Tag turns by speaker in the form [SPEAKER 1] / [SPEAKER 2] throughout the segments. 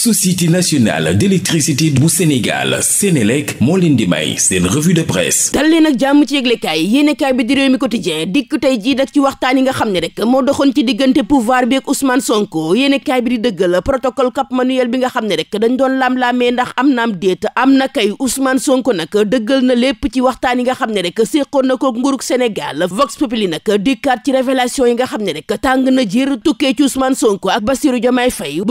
[SPEAKER 1] société nationale d'électricité bu Sénégal Sénélec moo leen di may seen revue de presse dal leen ak jàmm ci yëglekaay yéenekaay bi di réew mi quotidien dikk tey jii ci waxtaan yi nga xam ne rek moo doxoon ci diggante pouvoir bi ak Ousmane Sonko yéenekaay bi di dëggal protocole Cap Manuel bi nga xam ne rek dañ doon laam-laamee ndax am naam déet am na kay Ousmane Sonko nag dëggal na lépp ci waxtaan yi nga xam ne rek séqoon na ko nguurug Sénégal Vox Populi nag dikkaat ci révélation yi nga xam ne rek tàng na jër tukkee ci Ousmane Sonko ak Bassirou Diomaye Faye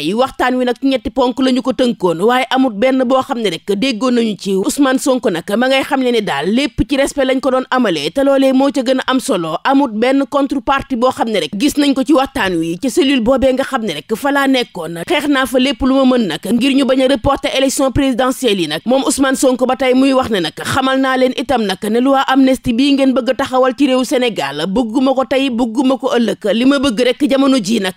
[SPEAKER 1] yi waxtaan wi nag ñetti ponk la ñu ko tënkoon waaye amul benn boo xam ne rek déggoon nañu ci Ousmane Sonko nag ma ngay xam ne ne daal lépp ci respect lañ ko doon amalee te loolee moo ca gën a am solo amul benn contrepartie boo xam ne rek gis nañ ko ci waxtaan wi ci cellule boobee nga xam ne rek fa laa nekkoon xeex naa fa lépp lu ma mën nag ngir ñu bañ a reporter élection présidentielle yi nag moom Ousmane Sonko ba tey muy wax ne nag xamal naa leen itam nag ne loi amnistie bii ngeen bëgg a taxawal ci réew Sénégal bëgguma ko tey bëgguma ko ëllëg li ma bëgg rek jamono ji nag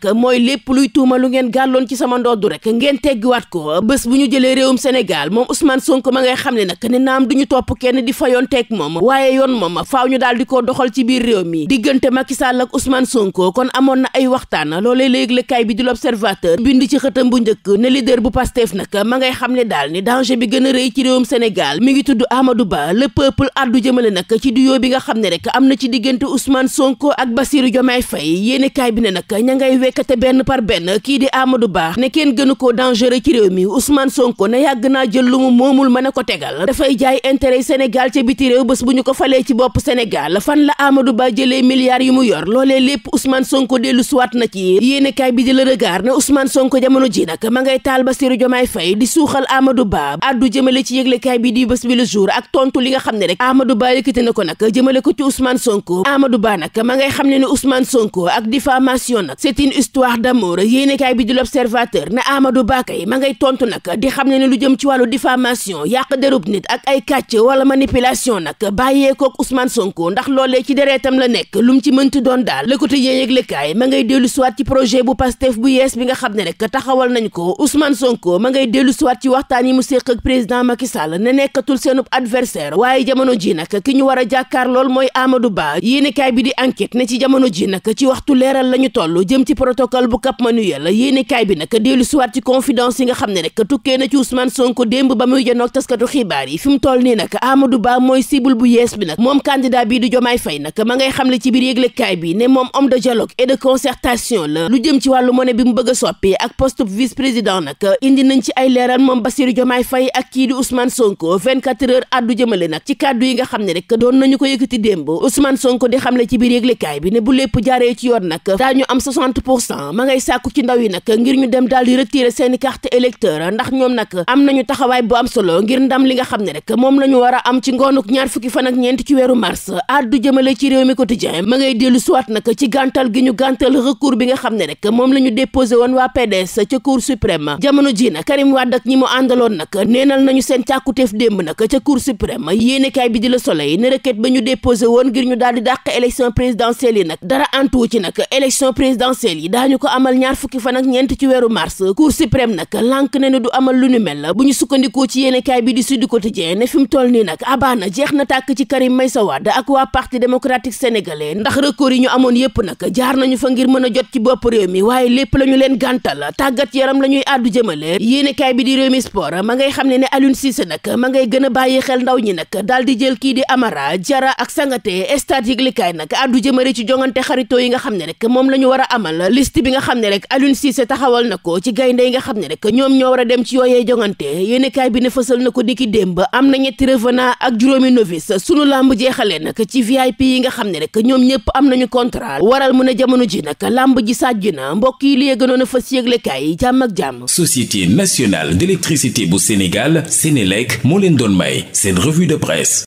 [SPEAKER 1] ci sama ndoddu rek ngeen teggiwaat ko bés bu ñu jëlee réewum Sénégal moom Ousmane Sonko ma ngay xam ne nag ne naam du ñu topp kenn di fayoon teeg moom waaye yoon moom faaw ñu daal di ko doxal ci biir réew mi diggante Macky Sall ak Ousmane Sonko kon amoon na ay waxtaan loolee léegi lëkkaay bi di l'observateur bind ci xëtam bu njëkk ne leader bu Pastef nag ma ngay xam ne daal ni danger bi gën a rëy ci réewum Sénégal mi ngi tudd Amadou Ba le peuple addu jëmale nag ci duyoo bi nga xam ne rek am na ci diggante Ousmane Sonko ak Bassirou Diomaye Faye yéene kaay bi ne nag ña ngay wekkate benn par benn kii di Amadou Ba baax ne kenn gënu ko dangereux ci réew mi Ousmane Sonko ne yàgg naa jël lu mu moomul mën a ko tegal dafay jaay intérêt Sénégal ca biti réew bés bu ñu ko falee ci bopp Sénégal fan la Amadou Ba jëlee milliards yu mu yor loolee lépp Ousmane Sonko dellu suwaat na ci yéenekaay bi di la regard ne Ousmane Sonko jamono ji nag ma ngay taal Bassirou Diomaye Faye di suuxal Amadou Ba addu jëmale ci yëglekaay bi di bés bi le jour ak tontu li nga xam ne rek Amadou Ba yëkkati Ba nag ma ngay xam ne ne Ousmane Sonko ak diffamation nag c'est une l'observateur ne Amadou Ba kay ma ngay tontu nag di xam ne ne lu jëm ci wàllu diffamation yàq derub nit ak ay kàcc wala manipulation nag bàyyee kook Ousmane Sonko ndax loolee ci dereetam la nekk lu mu ci mënti doon daal le quotidien yëglekaay ma ngay dellu siwaat ci projet bu Pastef bu yees bi nga xam ne rek taxawal nañ ko Ousmane Sonko ma ngay dellu siwaat ci waxtaan yi mu séq ak président Macky Sall ne nekkatul seenub adversaire waaye jamono ji nag ki ñu war a jàkkaar lool mooy Amadou Ba yéenekaay bi di enquête ne ci jamono ji nag ci waxtu leeral la ñu toll jëm ci protocole bu Cap Manuel nag dellu siwaat ci confidence yi nga xam ne rek tukkee na ci Ousmane Sonko démb ba muy janoog taskatu xibaar yi fi mu toll nii nag Amadou Ba mooy cible bu yees bi nag moom candidat bii di Diomaye Faye nag ma ngay bi moom homme de dialogue et de ci wàllu monnaie bi mu bëgg a ak poste président nag indi nañ ci ay leeral moom Bassirou Diomaye Faye ak kii di Ousmane Sonko 24 heures addu jëmale nag ci kàddu yi nga xam ne rek doon nañu ko yëkk yëkkati démb Ousmane Sonko di xam xamle ci biir yëglekaay bi ne bu lépp jaaree ci yoon nag daañu am 60 pour cent ma ngay sàkku ci ndaw yi nag ngir ñu dem daal di retirer seen i carte électeur ndax ñoom nag am nañu taxawaay bu am solo ngir ndam li nga xam ne rek moom la ñu war a am ci ngoonuk ñaar fukki fan ak ñeent ci weeru mars addu jëmale ci réew mi quotidien ma ngay dellu suwaat nag ci gàntal gi ñu gàntal recours bi nga xam ne rek moom la ñu déposé woon waa PDS ca cour suprême jamono ji na Karim Wade ak ñi mu àndaloon nag neenal nañu seen càkkuteef démb nag ca cour suprême yéenekaay bi di la ñu déposé woon ngir ñu daal di yi nag yi daañu weeru mars cour suprême nag lànk na ne du amal lu ñu mel bu yi ñu amoon yépp nag jaar nañu fa ngir mën a jot ci bopp réew mi waaye lépp la leen gàntal tàggat yaram la àddu jëmale yéenekaay bi di réew sport ma ngay xam ne ne Aliou Cissé nag ma ngay gën a bàyyi xel ndaw ñi nag daal jël kii di Amara Jara ak Sangaté stade yëglikaay nag àddu jëmale ci jongante xaritoo yi nga xam ne rek moom la war a amal liste bi nga xam ne rek Aliou Cissé taxawal xool na ko ci gaynde yi nga xam ne rek ñoom ñoo war a dem ci yooyee jongante yéenekaay bi ne fësal na ko diki démb am na ñetti revenant ak juróomi novice sunu làmb jeexalee nag ci VIP yi nga xam ne rek ñoom ñëpp am nañu contrat waral mu ne jamono ji nag làmb ji sàjj na mbokk yi li gënoon a fës yëglekaay yi jàmm ak jàmm Société nationale d'électricité bu Sénégal Sénélec moo leen doon may seen revue de presse